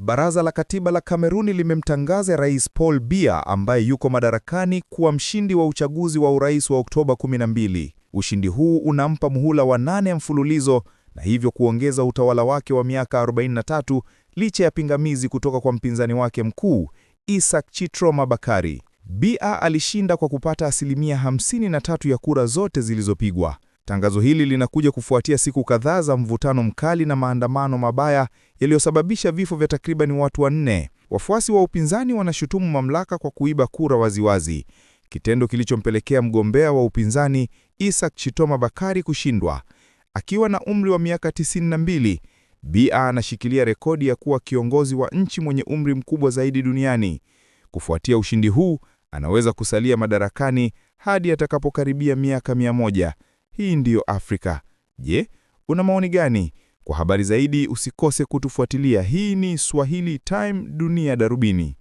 Baraza la Katiba la Kameruni limemtangaza Rais Paul Biya ambaye yuko madarakani kuwa mshindi wa uchaguzi wa urais wa Oktoba 12. Ushindi huu unampa muhula wa nane mfululizo na hivyo kuongeza utawala wake wa miaka 43 licha ya pingamizi kutoka kwa mpinzani wake mkuu Isaac Chitroma Bakari. Biya alishinda kwa kupata asilimia 53 ya kura zote zilizopigwa. Tangazo hili linakuja kufuatia siku kadhaa za mvutano mkali na maandamano mabaya yaliyosababisha vifo vya takribani watu wanne. Wafuasi wa upinzani wanashutumu mamlaka kwa kuiba kura waziwazi, kitendo kilichompelekea mgombea wa upinzani Isaac Chitoma Bakari kushindwa. Akiwa na umri wa miaka 92, Bia anashikilia rekodi ya kuwa kiongozi wa nchi mwenye umri mkubwa zaidi duniani. Kufuatia ushindi huu, anaweza kusalia madarakani hadi atakapokaribia miaka mia moja. Hii ndiyo Afrika. Je, una maoni gani? Kwa habari zaidi usikose kutufuatilia. Hii ni Swahili Time Dunia Darubini.